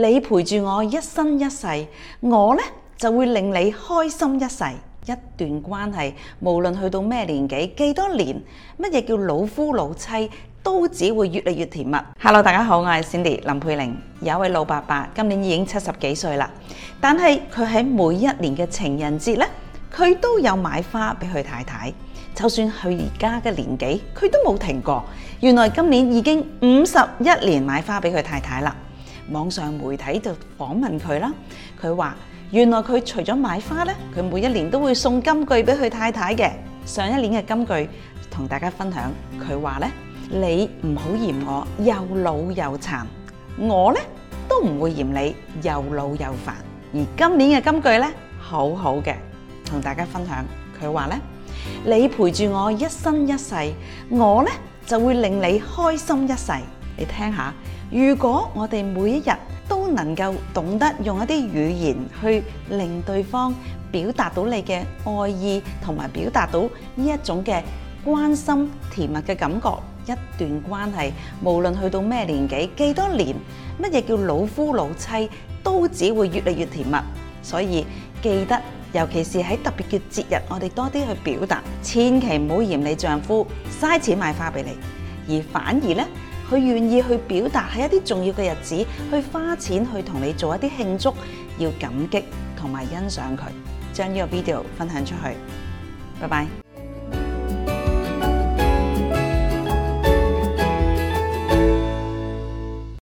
你陪住我一生一世，我咧就會令你開心一世。一段關係，無論去到咩年紀，幾多年，乜嘢叫老夫老妻，都只會越嚟越甜蜜。Hello，大家好，我係 Cindy 林佩玲。有一位老伯伯，今年已經七十幾歲啦，但係佢喺每一年嘅情人節咧，佢都有買花俾佢太太。就算佢而家嘅年紀，佢都冇停過。原來今年已經五十一年買花俾佢太太啦。網上媒體就訪問佢啦，佢話：原來佢除咗買花咧，佢每一年都會送金句俾佢太太嘅。上一年嘅金句同大家分享，佢話咧：你唔好嫌我又老又殘，我咧都唔會嫌你又老又煩。而今年嘅金句咧，好好嘅，同大家分享。佢話咧：你陪住我一生一世，我咧就會令你開心一世。你聽下，如果我哋每一日都能夠懂得用一啲語言去令對方表達到你嘅愛意，同埋表達到呢一種嘅關心、甜蜜嘅感覺，一段關係無論去到咩年紀、幾多年，乜嘢叫老夫老妻，都只會越嚟越甜蜜。所以記得，尤其是喺特別嘅節日，我哋多啲去表達，千祈唔好嫌你丈夫嘥錢買花俾你，而反而呢。佢願意去表達喺一啲重要嘅日子，去花錢去同你做一啲慶祝，要感激同埋欣賞佢，將呢個 video 分享出去。拜拜。